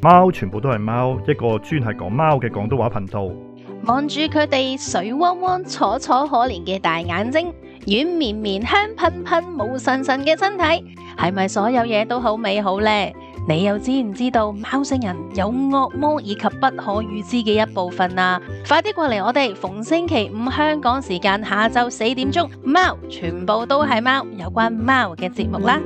貓全部都係貓，一個專係講貓嘅廣東話頻道。望住佢哋水汪汪、楚楚可憐嘅大眼睛，軟綿綿、香噴噴、冇神神嘅身體，係咪所有嘢都好美好呢？你又知唔知道貓星人有惡魔以及不可預知嘅一部分啊？快啲過嚟我哋逢星期五香港時間下晝四點鐘，貓全部都係貓，有關貓嘅節目啦。